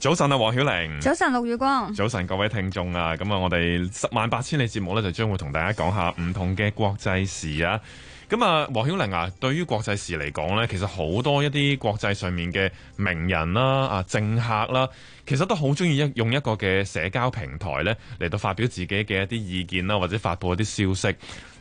早晨啊，黃曉玲。早晨，陸雨光。早晨，各位聽眾啊，咁啊，我哋十萬八千里節目咧，就將會同大家講下唔同嘅國際事啊。咁啊，黃曉玲啊，對於國際時嚟講咧，其實好多一啲國際上面嘅名人啦、啊政客啦，其實都好中意一用一個嘅社交平台咧嚟到發表自己嘅一啲意見啦，或者發布一啲消息。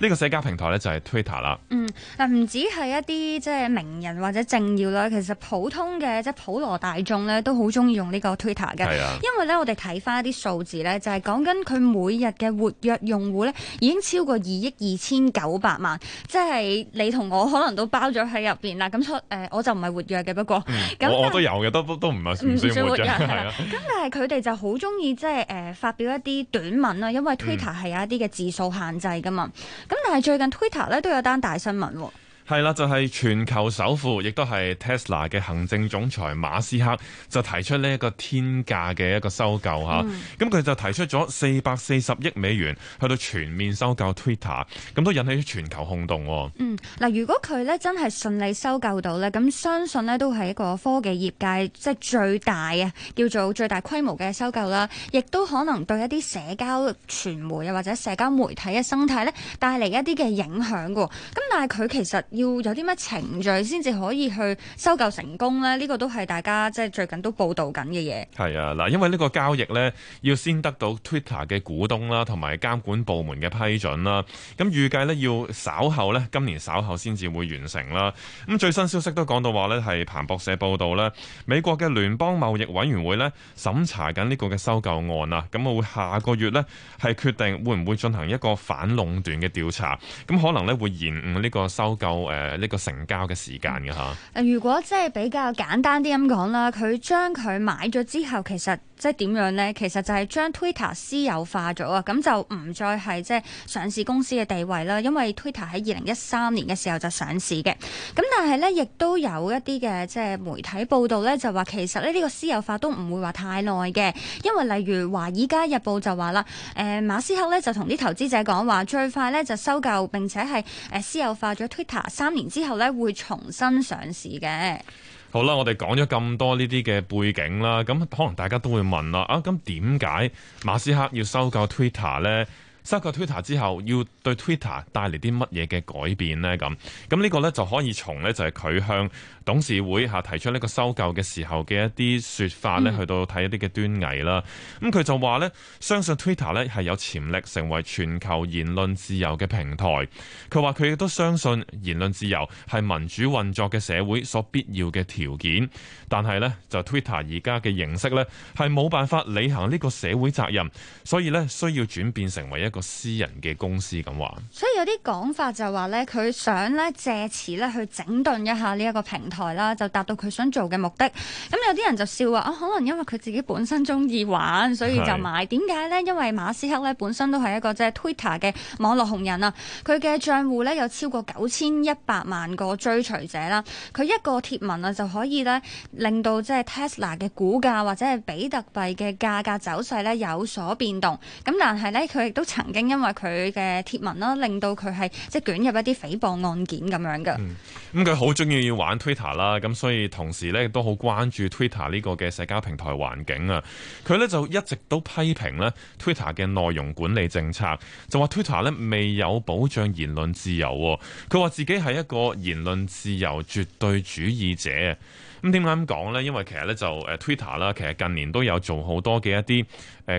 呢、呢個社交平台咧就係 Twitter 啦。嗯，嗱，唔止係一啲即係名人或者政要啦，其實普通嘅即係普羅大眾咧都好中意用呢個 Twitter 嘅。啊、因為咧，我哋睇翻一啲數字咧，就係講緊佢每日嘅活躍用戶咧已經超過二億二千九百萬，即係。你你同我可能都包咗喺入面啦，咁出誒我就唔係活躍嘅，不過，嗯、咁我我都有嘅，都都唔係唔算活躍係啦。咁但係佢哋就好中意即係誒發表一啲短文啦，因為 Twitter 係有一啲嘅字數限制噶嘛。咁、嗯、但係最近 Twitter 咧都有單大新聞、啊。係啦，就係、是、全球首富，亦都係 Tesla 嘅行政總裁馬斯克就提出呢一個天價嘅一個收購嚇。咁佢、嗯、就提出咗四百四十億美元去到全面收購 Twitter，咁都引起全球轟動、哦。嗯，嗱，如果佢咧真係順利收購到咧，咁相信呢都係一個科技業界即係最大啊，叫做最大規模嘅收購啦。亦都可能對一啲社交傳媒又或者社交媒體嘅生態咧帶嚟一啲嘅影響嘅。咁但係佢其實，要有啲咩程序先至可以去收購成功咧？呢個都係大家即係最近都報道緊嘅嘢。係啊，嗱，因為呢個交易咧要先得到 Twitter 嘅股東啦，同埋監管部門嘅批准啦。咁預計咧要稍後咧，今年稍後先至會完成啦。咁最新消息都講到話咧，係彭博社報道咧，美國嘅聯邦貿易委員會咧審查緊呢個嘅收購案啊。咁會下個月咧係決定會唔會進行一個反壟斷嘅調查。咁可能咧會延誤呢個收購。誒呢、呃呢個成交嘅時間嘅嚇。誒、呃、如果即係比較簡單啲咁講啦，佢將佢買咗之後，其實即係點樣呢？其實就係將 Twitter 私有化咗啊。咁就唔再係即係上市公司嘅地位啦。因為 Twitter 喺二零一三年嘅時候就上市嘅。咁但係呢，亦都有一啲嘅即係媒體報道呢，就話其實咧呢、呢個私有化都唔會話太耐嘅。因為例如華爾街日報就話啦，誒、呃、馬斯克呢就同啲投資者講話，最快呢就收購並且係誒私有化咗 Twitter。三年之後咧，會重新上市嘅。好啦，我哋講咗咁多呢啲嘅背景啦，咁可能大家都會問啦，啊咁點解馬斯克要收購 Twitter 咧？收購 Twitter 之後，要對 Twitter 帶嚟啲乜嘢嘅改變咧？咁咁呢個咧就可以從咧就係、是、佢向。董事會喺提出呢個收購嘅時候嘅一啲説法咧，嗯、去到睇一啲嘅端倪啦。咁、嗯、佢就話咧，相信 Twitter 咧係有潛力成為全球言論自由嘅平台。佢話佢亦都相信言論自由係民主運作嘅社會所必要嘅條件，但係呢，就 Twitter 而家嘅形式呢，係冇辦法履行呢個社會責任，所以呢，需要轉變成為一個私人嘅公司咁話。所以有啲講法就話呢，佢想咧藉此咧去整頓一下呢一個平台。台啦，就達到佢想做嘅目的。咁，嗯，有啲人就笑話啊，可能因為佢自己本身中意玩，所以就買。點解呢？因為馬斯克咧本身都係一個即係 Twitter 嘅網絡紅人啊，佢嘅賬戶咧有超過九千一百萬個追隨者啦。佢一個貼文啊就可以咧令到即係 Tesla 嘅股價或者係比特幣嘅價格走勢咧有所變動。咁但係咧，佢亦都曾經因為佢嘅貼文啦，令到佢係即係捲入一啲誹謗案件咁樣嘅。嗯咁佢好中意要玩 Twitter 啦，咁所以同時咧都好關注 Twitter 呢個嘅社交平台環境啊。佢咧就一直都批評咧 Twitter 嘅內容管理政策，就話 Twitter 咧未有保障言論自由。佢話自己係一個言論自由絕對主義者。咁點解咁講呢？因為其實咧就誒 Twitter 啦，其實近年都有做好多嘅一啲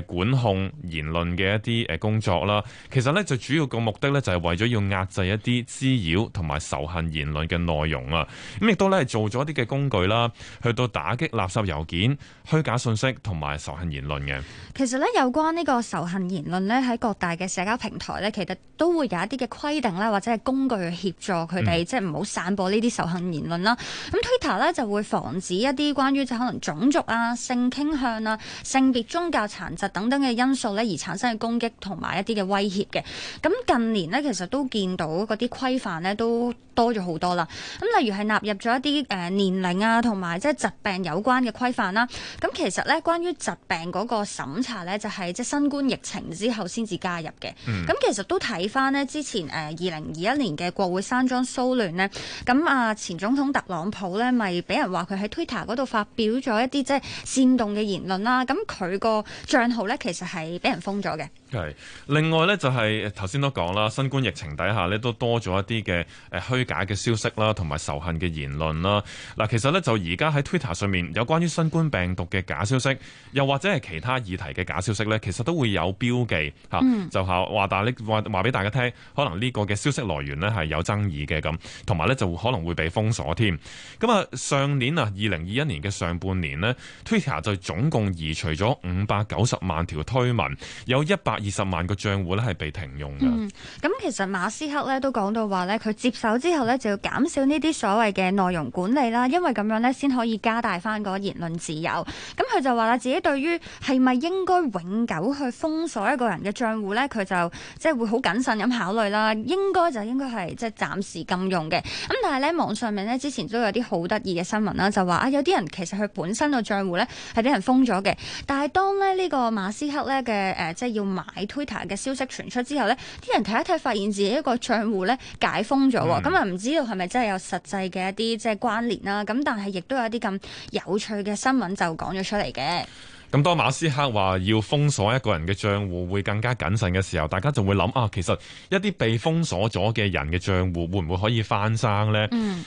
管控言論嘅一啲誒工作啦，其實咧就主要個目的咧就係為咗要壓制一啲滋擾同埋仇恨言論嘅內容啊，咁亦都咧係做咗一啲嘅工具啦，去到打擊垃圾郵件、虛假信息同埋仇恨言論嘅。其實咧有關呢個仇恨言論呢，喺各大嘅社交平台呢，其實都會有一啲嘅規定啦，或者係工具去協助佢哋、嗯、即係唔好散播呢啲仇恨言論啦。咁 Twitter 咧就會防止一啲關於即係可能種族啊、性傾向啊、性別、宗教、殘。實等等嘅因素咧，而產生嘅攻擊同埋一啲嘅威脅嘅。咁近年咧，其實都見到嗰啲規範咧都多咗好多啦。咁例如係納入咗一啲誒、呃、年齡啊，同埋即係疾病有關嘅規範啦。咁其實咧，關於疾病嗰個審查咧，就係即係新冠疫情之後先至加入嘅。咁、嗯、其實都睇翻咧之前誒二零二一年嘅國會山莊騷亂咧，咁啊前總統特朗普咧咪俾人話佢喺 Twitter 嗰度發表咗一啲即係煽動嘅言論啦。咁佢個。號咧，其實係俾人封咗嘅。係，另外咧就係頭先都講啦，新冠疫情底下咧都多咗一啲嘅誒虛假嘅消息啦，同埋仇恨嘅言論啦。嗱，其實咧就而家喺 Twitter 上面有關於新冠病毒嘅假消息，又或者係其他議題嘅假消息咧，其實都會有標記嚇，嗯、就係話大你話話俾大家聽，可能呢個嘅消息來源呢係有爭議嘅咁，同埋咧就可能會被封鎖添。咁啊，上年啊二零二一年嘅上半年呢 Twitter 就總共移除咗五百九十萬條推文，有一百。二十萬個賬戶咧係被停用嘅。咁、嗯、其實馬斯克咧都講到話咧，佢接手之後咧就要減少呢啲所謂嘅內容管理啦，因為咁樣咧先可以加大翻個言論自由。咁佢就話啦，自己對於係咪應該永久去封鎖一個人嘅賬戶咧，佢就即係、即係、會好謹慎咁考慮啦。應該就應該係即係暫時禁用嘅。咁但係咧網上面咧之前都有啲好得意嘅新聞啦，就話啊有啲人其實佢本身個賬戶咧係俾人封咗嘅，但係當咧呢個馬斯克咧嘅誒即係要喺 Twitter 嘅消息傳出之後，呢啲人睇一睇，發現自己一個賬戶呢，解封咗，咁啊唔知道係咪真係有實際嘅一啲即係關聯啦？咁但係亦都有一啲咁有趣嘅新聞就講咗出嚟嘅。咁當馬斯克話要封鎖一個人嘅賬戶，會更加謹慎嘅時候，大家就會諗啊，其實一啲被封鎖咗嘅人嘅賬戶會唔會可以翻生呢？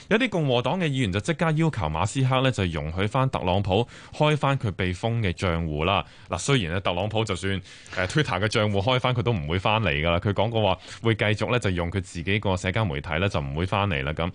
有啲、嗯、共和黨嘅議員就即刻要求馬斯克咧，就容許翻特朗普開翻佢被封嘅賬戶啦。嗱，雖然咧特朗普就算誒 Twitter 嘅賬戶開翻，佢都唔會翻嚟噶啦。佢講過話會繼續咧就用佢自己個社交媒體咧，就唔會翻嚟啦。咁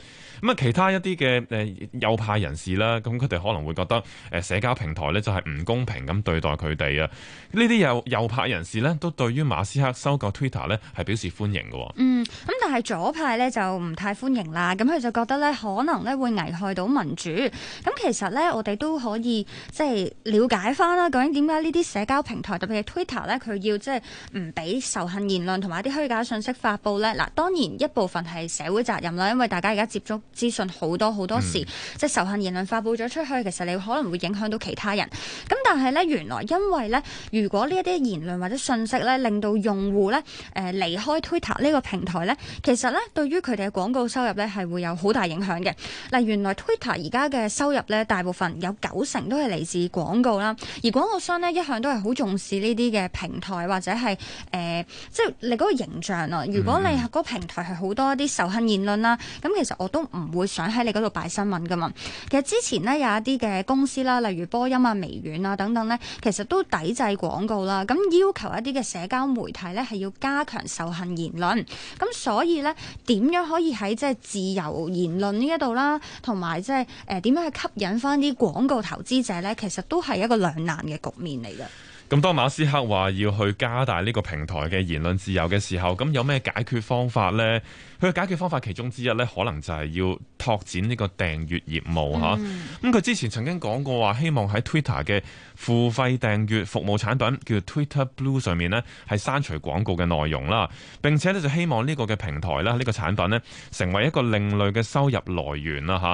咁啊，其他一啲嘅誒右派人士啦，咁佢哋可能會覺得誒社交平台咧就係唔公平咁。對待佢哋啊，呢啲右右派人士呢都對於馬斯克收購 Twitter 呢係表示歡迎嘅。嗯，咁但係左派呢就唔太歡迎啦。咁佢就覺得呢可能咧會危害到民主。咁、嗯、其實呢，我哋都可以即係了解翻啦。究竟點解呢啲社交平台特別係 Twitter 呢？佢要即係唔俾仇恨言論同埋啲虛假信息發佈呢。嗱，當然一部分係社會責任啦，因為大家而家接觸資訊好多好多時，嗯、即係仇恨言論發佈咗出去，其實你可能會影響到其他人。咁但係呢。原來因為咧，如果呢一啲言論或者信息咧，令到用戶咧誒離開 Twitter 呢個平台咧，其實咧對於佢哋嘅廣告收入咧係會有好大影響嘅。嗱，原來 Twitter 而家嘅收入咧，大部分有九成都係嚟自廣告啦。而廣告商咧一向都係好重視呢啲嘅平台或者係誒、呃，即係你嗰個形象啊。如果你嗰個平台係好多一啲仇恨言論啦，咁、嗯、其實我都唔會想喺你嗰度擺新聞㗎嘛。其實之前咧有一啲嘅公司啦，例如波音啊、微軟啊等等咧。其實都抵制廣告啦，咁要求一啲嘅社交媒體咧係要加強仇恨言論，咁所以咧點樣可以喺即係自由言論呢一度啦，同埋即係誒點樣去吸引翻啲廣告投資者咧，其實都係一個兩難嘅局面嚟嘅。咁當馬斯克話要去加大呢個平台嘅言論自由嘅時候，咁有咩解決方法呢？佢嘅解決方法其中之一呢，可能就係要拓展呢個訂閱業務吓。咁佢、嗯、之前曾經講過話，希望喺 Twitter 嘅付費訂閱服務產品叫 Twitter Blue 上面呢，係刪除廣告嘅內容啦，並且呢，就希望呢個嘅平台啦，呢、呢個產品呢，成為一個另類嘅收入來源啦吓。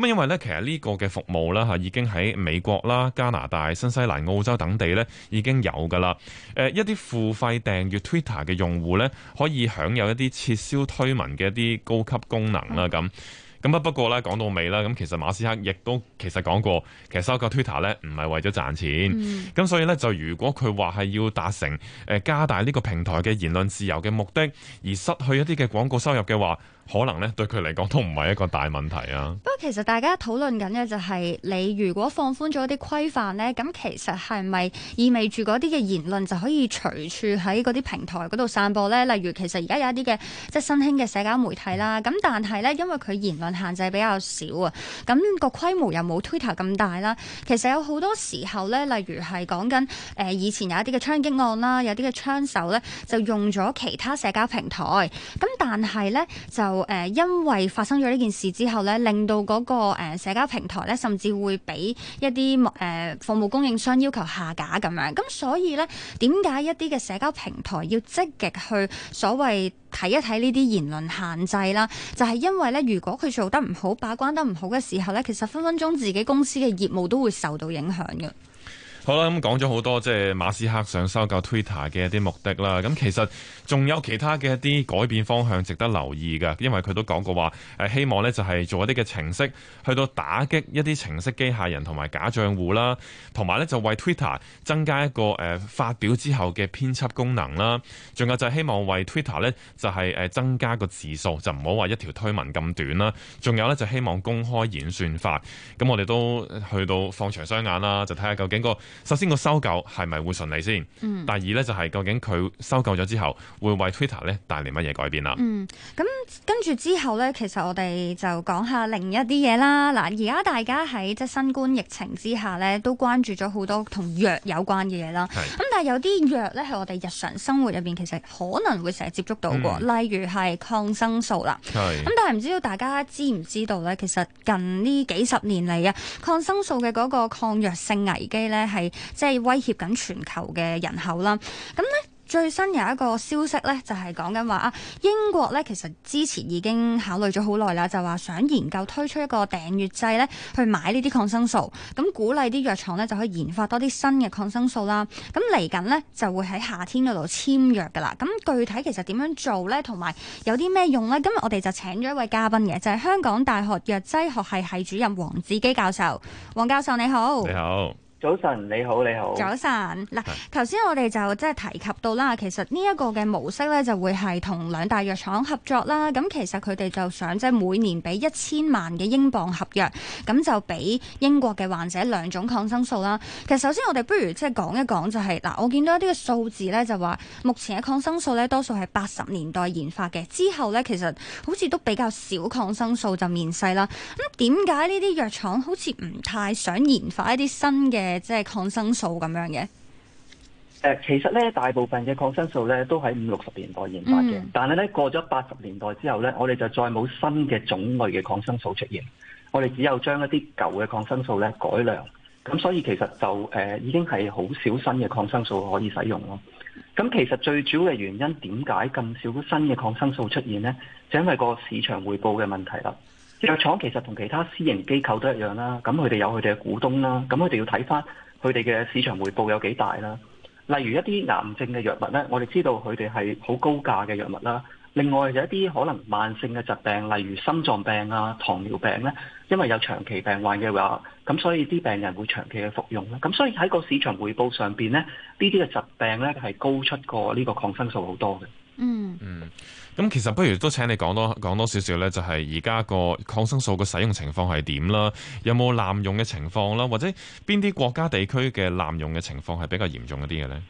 咁啊，因為呢，其實呢個嘅服務啦吓，已經喺美國啦、加拿大、新西蘭、澳洲等地呢。已經有㗎喇，誒、呃，一啲付費訂閱 Twitter 嘅用戶呢，可以享有一啲撤銷推文嘅一啲高級功能啦。咁咁啊，不過呢，講到尾啦，咁其實馬斯克亦都其實講過，其實收購 Twitter 呢唔係為咗賺錢。咁、嗯、所以呢，就如果佢話係要達成誒、呃、加大呢個平台嘅言論自由嘅目的，而失去一啲嘅廣告收入嘅話。可能咧，對佢嚟講都唔係一個大問題啊！不過其實大家討論緊嘅就係，你如果放寬咗啲規範呢，咁其實係咪意味住嗰啲嘅言論就可以隨處喺嗰啲平台嗰度散播呢？例如其實而家有一啲嘅即係新興嘅社交媒體啦，咁但係呢，因為佢言論限制比較少啊，咁個規模又冇 Twitter 咁大啦。其實有好多時候呢，例如係講緊誒以前有一啲嘅槍擊案啦，有啲嘅槍手呢，就用咗其他社交平台，咁但係呢，就。誒，因為發生咗呢件事之後咧，令到嗰個誒社交平台咧，甚至會俾一啲誒服務供應商要求下架咁樣。咁所以咧，點解一啲嘅社交平台要積極去所謂睇一睇呢啲言論限制啦？就係、是、因為咧，如果佢做得唔好，把關得唔好嘅時候咧，其實分分鐘自己公司嘅業務都會受到影響嘅。好啦，咁講咗好多，即係馬斯克想收購 Twitter 嘅一啲目的啦。咁其實仲有其他嘅一啲改變方向值得留意嘅，因為佢都講過話，誒希望呢就係做一啲嘅程式，去到打擊一啲程式機械人同埋假賬戶啦，同埋呢就為 Twitter 增加一個誒發表之後嘅編輯功能啦。仲有就係希望為 Twitter 呢就係誒增加個字數，就唔好話一條推文咁短啦。仲有呢就希望公開演算法。咁我哋都去到放長雙眼啦，就睇下究竟個。首先個收購係咪會順利先？嗯。第二咧就係、是、究竟佢收購咗之後會，會為 Twitter 咧帶嚟乜嘢改變啦？嗯。咁跟住之後咧，其實我哋就講下另一啲嘢啦。嗱，而家大家喺即係新冠疫情之下咧，都關注咗好多同藥有關嘅嘢啦。咁是但係有啲藥咧係我哋日常生活入邊其實可能會成日接觸到嘅，嗯、例如係抗生素啦。係是。咁但係唔知道大家知唔知道咧？其實近呢幾十年嚟啊，抗生素嘅嗰個抗藥性危機咧係。即係威脅緊全球嘅人口啦。咁咧，最新有一個消息咧，就係講緊話啊，英國咧其實之前已經考慮咗好耐啦，就話想研究推出一個訂閱制咧，去買呢啲抗生素，咁鼓勵啲藥廠咧就可以研發多啲新嘅抗生素啦。咁嚟緊呢，就會喺夏天嗰度簽約噶啦。咁具體其實點樣做呢？同埋有啲咩用呢？今日我哋就請咗一位嘉賓嘅，就係香港大學藥劑學系系主任黃志基教授。黃教授你好。你好。你好早晨，你好，你好。早晨，嗱，頭先我哋就即係提及到啦，其實呢一個嘅模式咧就會係同兩大藥廠合作啦。咁其實佢哋就想即係每年俾一千萬嘅英鎊合約，咁就俾英國嘅患者兩種抗生素啦。其實首先我哋不如即係講一講就係嗱，我見到一啲嘅數字咧就話，目前嘅抗生素咧多數係八十年代研發嘅，之後咧其實好似都比較少抗生素就面世啦。咁點解呢啲藥廠好似唔太想研發一啲新嘅？誒，即係抗生素咁樣嘅。誒，其實咧，大部分嘅抗生素咧都喺五六十年代研發嘅，嗯、但係咧過咗八十年代之後咧，我哋就再冇新嘅種類嘅抗生素出現，我哋只有將一啲舊嘅抗生素咧改良。咁所以其實就誒、呃，已經係好少新嘅抗生素可以使用咯。咁其實最主要嘅原因，點解咁少新嘅抗生素出現咧？就因為個市場回報嘅問題啦。藥廠其實同其他私營機構都一樣啦，咁佢哋有佢哋嘅股東啦，咁佢哋要睇翻佢哋嘅市場回報有幾大啦。例如一啲癌症嘅藥物咧，我哋知道佢哋係好高價嘅藥物啦。另外有一啲可能慢性嘅疾病，例如心臟病啊、糖尿病咧，因為有長期病患嘅話，咁所以啲病人會長期嘅服用啦。咁所以喺個市場回報上邊咧，呢啲嘅疾病咧係高出過呢個抗生素好多嘅。嗯。嗯。咁其實不如都請你講多講多少少咧，就係而家個抗生素嘅使用情況係點啦？有冇濫用嘅情況啦？或者邊啲國家地區嘅濫用嘅情況係比較嚴重一啲嘅咧？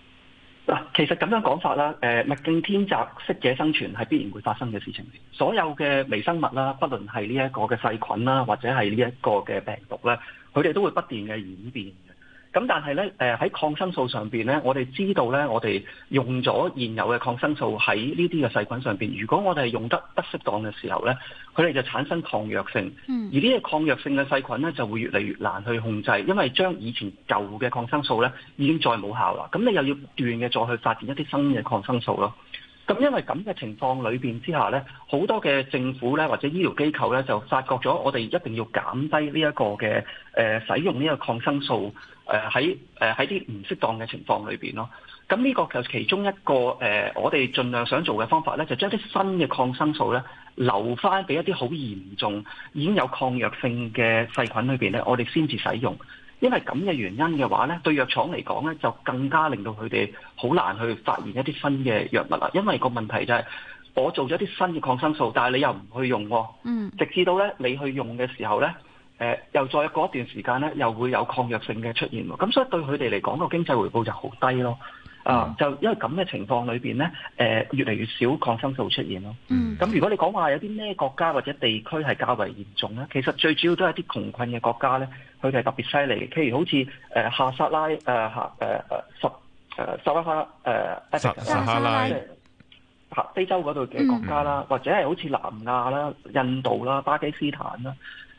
嗱，其實咁樣講法啦，誒物競天擇，適者生存係必然會發生嘅事情。所有嘅微生物啦，不論係呢一個嘅細菌啦，或者係呢一個嘅病毒咧，佢哋都會不斷嘅演變。咁但係咧，誒、呃、喺抗生素上邊咧，我哋知道咧，我哋用咗現有嘅抗生素喺呢啲嘅細菌上邊，如果我哋用得不適當嘅時候咧，佢哋就產生抗藥性。嗯，而呢啲抗藥性嘅細菌咧，就會越嚟越難去控制，因為將以前舊嘅抗生素咧已經再冇效啦。咁你又要不斷嘅再去發展一啲新嘅抗生素咯。咁因為咁嘅情況裏邊之下咧，好多嘅政府咧或者醫療機構咧就發覺咗，我哋一定要減低呢一個嘅誒使用呢個抗生素誒喺誒喺啲唔適當嘅情況裏邊咯。咁呢個就其中一個誒我哋盡量想做嘅方法咧，就將啲新嘅抗生素咧留翻俾一啲好嚴重已經有抗藥性嘅細菌裏邊咧，我哋先至使用。因為咁嘅原因嘅話咧，對藥廠嚟講咧，就更加令到佢哋好難去發現一啲新嘅藥物啦。因為個問題就係，我做咗啲新嘅抗生素，但係你又唔去用，嗯，直至到咧你去用嘅時候咧，誒又再過一段時間咧，又會有抗藥性嘅出現，咁所以對佢哋嚟講個經濟回報就好低咯。啊，就因為咁嘅情況裏邊咧，誒越嚟越少抗生素出現咯。嗯。咁如果你講話有啲咩國家或者地區係較為嚴重咧，其實最主要都係啲窮困嘅國家咧，佢哋係特別犀利。譬如好似誒下薩拉誒下誒誒十誒十拉哈誒十拉拉，非洲嗰度嘅國家啦，嗯、或者係好似南亞啦、印度啦、巴基斯坦啦。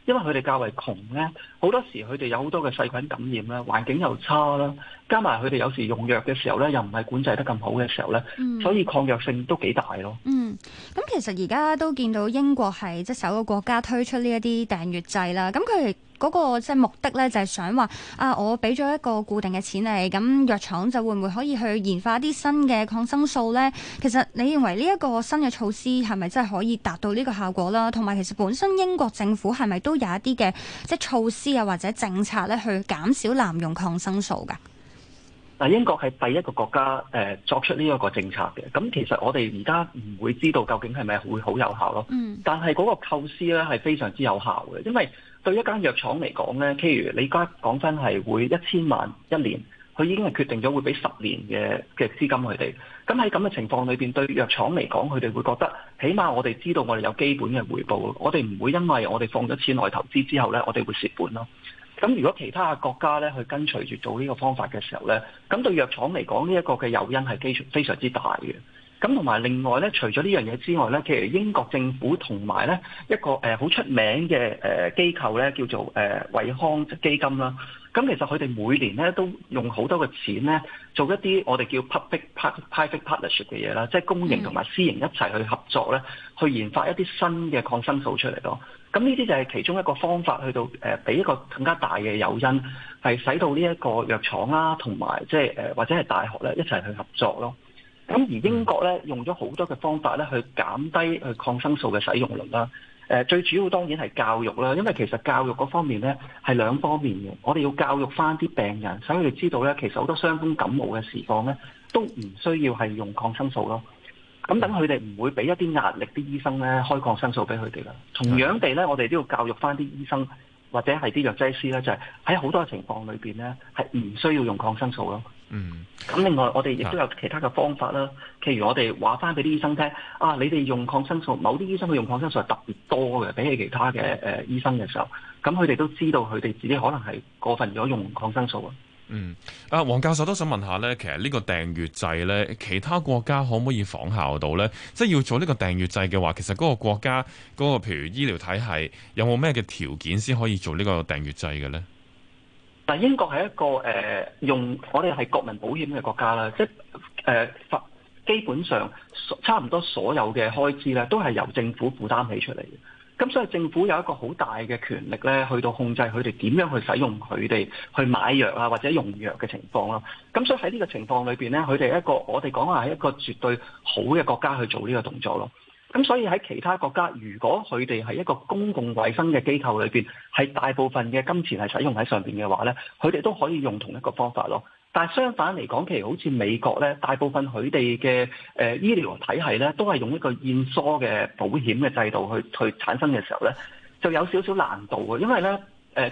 因為佢哋較為窮咧，好多時佢哋有好多嘅細菌感染啦，環境又差啦，加埋佢哋有時用藥嘅時候咧，又唔係管制得咁好嘅時候咧，所以抗藥性都幾大咯、嗯。嗯，咁其實而家都見到英國係即係首個國家推出呢一啲訂閱制啦，咁佢。嗰個即係目的咧，就係、是、想話啊，我俾咗一個固定嘅錢嚟，咁、嗯、藥廠就會唔會可以去研發一啲新嘅抗生素呢？其實你認為呢一個新嘅措施係咪真係可以達到呢個效果啦？同埋其實本身英國政府係咪都有一啲嘅即係措施啊，或者政策咧去減少濫用抗生素㗎？嗱，英國係第一個國家誒、呃、作出呢一個政策嘅。咁其實我哋而家唔會知道究竟係咪會好有效咯。嗯、但係嗰個構思咧係非常之有效嘅，因為對一間藥廠嚟講，呢譬如你家講返係會一千萬一年，佢已經係決定咗會俾十年嘅嘅資金佢哋。咁喺咁嘅情況裏邊，對藥廠嚟講，佢哋會覺得起碼我哋知道我哋有基本嘅回報，我哋唔會因為我哋放咗錢落去投資之後呢，我哋會蝕本咯。咁如果其他國家呢去跟隨住做呢個方法嘅時候呢，咁對藥廠嚟講，呢、這、一個嘅誘因係非常非常之大嘅。咁同埋另外咧，除咗呢樣嘢之外咧，其實英國政府同埋咧一個誒好出名嘅誒機構咧，叫做誒惠康基金啦。咁其實佢哋每年咧都用好多嘅錢咧，做一啲我哋叫 public private partnership 嘅嘢啦，即係公營同埋私營一齊去合作咧，去研發一啲新嘅抗生素出嚟咯。咁呢啲就係其中一個方法，去到誒俾一個更加大嘅誘因，係使到呢一個藥廠啦，同埋即係誒或者係大學咧一齊去合作咯。咁而英國咧用咗好多嘅方法咧去減低去抗生素嘅使用率啦。誒、呃、最主要當然係教育啦，因為其實教育嗰方面咧係兩方面嘅。我哋要教育翻啲病人，使佢哋知道咧其實好多傷風感冒嘅情況咧都唔需要係用抗生素咯。咁等佢哋唔會俾一啲壓力啲醫生咧開抗生素俾佢哋啦。同樣地咧，我哋都要教育翻啲醫生或者係啲藥劑師咧，就係喺好多情況裏邊咧係唔需要用抗生素咯。嗯，咁另外我哋亦都有其他嘅方法啦。譬是的 如我哋話翻俾啲醫生聽，啊，你哋用抗生素，某啲醫生佢用抗生素係特別多嘅，比起其他嘅誒、呃、醫生嘅時候，咁佢哋都知道佢哋自己可能係過分咗用抗生素啊。嗯，啊，黃教授都想問下呢，其實呢個訂閱制呢，其他國家可唔可以仿效到呢？即係要做呢個訂閱制嘅話，其實嗰個國家嗰、那個譬如醫療體系有冇咩嘅條件先可以做呢個訂閱制嘅呢？嗱，但英國係一個誒、呃、用我哋係國民保險嘅國家啦，即係誒、呃、基本上差唔多所有嘅開支咧，都係由政府負擔起出嚟嘅。咁所以政府有一個好大嘅權力咧，去到控制佢哋點樣去使用佢哋去買藥啊，或者用藥嘅情況咯。咁所以喺呢個情況裏邊咧，佢哋一個我哋講話係一個絕對好嘅國家去做呢個動作咯。咁所以喺其他國家，如果佢哋係一個公共衛生嘅機構裏邊，係大部分嘅金錢係使用喺上邊嘅話咧，佢哋都可以用同一個方法咯。但係相反嚟講，譬如好似美國咧，大部分佢哋嘅誒醫療體系咧，都係用一個現疏嘅保險嘅制度去去產生嘅時候咧，就有少少難度嘅，因為咧。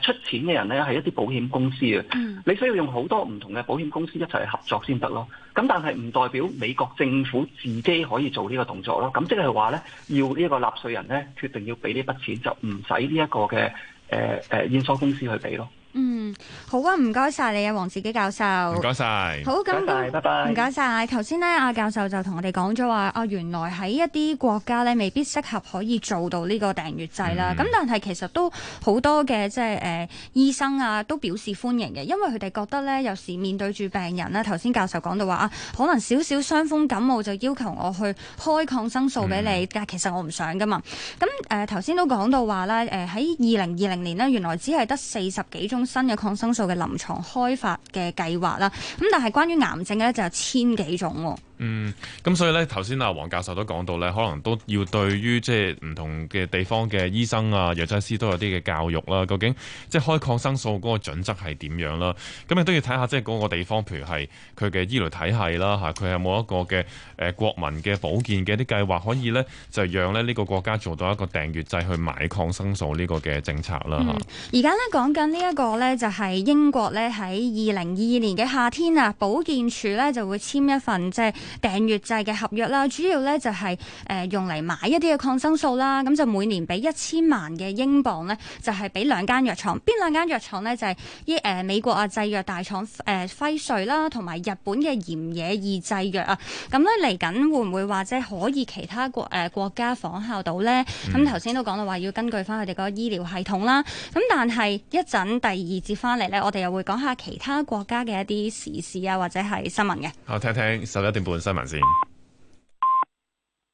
出錢嘅人咧係一啲保險公司嘅，嗯、你需要用好多唔同嘅保險公司一齊去合作先得咯。咁但係唔代表美國政府自己可以做呢個動作咯。咁即係話呢，要呢一個納稅人呢，決定要俾呢筆錢，就唔使呢一個嘅誒誒 insurance 公司去俾咯。嗯，好啊，唔該晒你啊，黃志基教授，唔該晒。好，咁，咁，拜拜謝，唔該晒。頭先咧，阿教授就同我哋講咗話，啊，原來喺一啲國家咧，未必適合可以做到呢個訂閱制啦。咁、嗯、但係其實都好多嘅，即係誒、呃、醫生啊，都表示歡迎嘅，因為佢哋覺得咧，有時面對住病人啦，頭先教授講到話啊，可能少少傷風感冒就要求我去開抗生素俾你，嗯、但係其實我唔想噶嘛。咁、嗯、誒，頭、呃、先都講到話咧，誒喺二零二零年咧，原來只係得四十幾種，種。新嘅抗生素嘅臨床開發嘅計劃啦，咁但係關於癌症嘅咧，就有千幾種，哦。嗯，咁所以咧，頭先阿黃教授都講到咧，可能都要對於即係唔同嘅地方嘅醫生啊、藥劑師都有啲嘅教育啦、啊。究竟即係開抗生素嗰個準則係點樣啦、啊？咁你都要睇下即係嗰個地方，譬如係佢嘅醫療體系啦，吓佢有冇一個嘅誒、呃、國民嘅保健嘅一啲計劃，可以咧就讓咧呢個國家做到一個訂閱制去買抗生素呢個嘅政策啦。吓、嗯，而家咧講緊呢一個咧就係、是、英國咧喺二零二二年嘅夏天啊，保健署咧就會簽一份即係。就是訂閱制嘅合約啦，主要咧就係、是、誒、呃、用嚟買一啲嘅抗生素啦，咁就每年俾一千萬嘅英鎊咧，就係、是、俾兩間藥廠，邊兩間藥廠咧就係、是、啲、呃、美國啊製藥大廠誒、呃、輝瑞啦，同埋日本嘅鹽野二製藥啊，咁咧嚟緊會唔會話即係可以其他國誒、呃、國家仿效到咧？咁頭先都講到話要根據翻佢哋嗰個醫療系統啦，咁但係一陣第二節翻嚟咧，我哋又會講下其他國家嘅一啲時事啊，或者係新聞嘅。我聽聽十一點半。新聞先。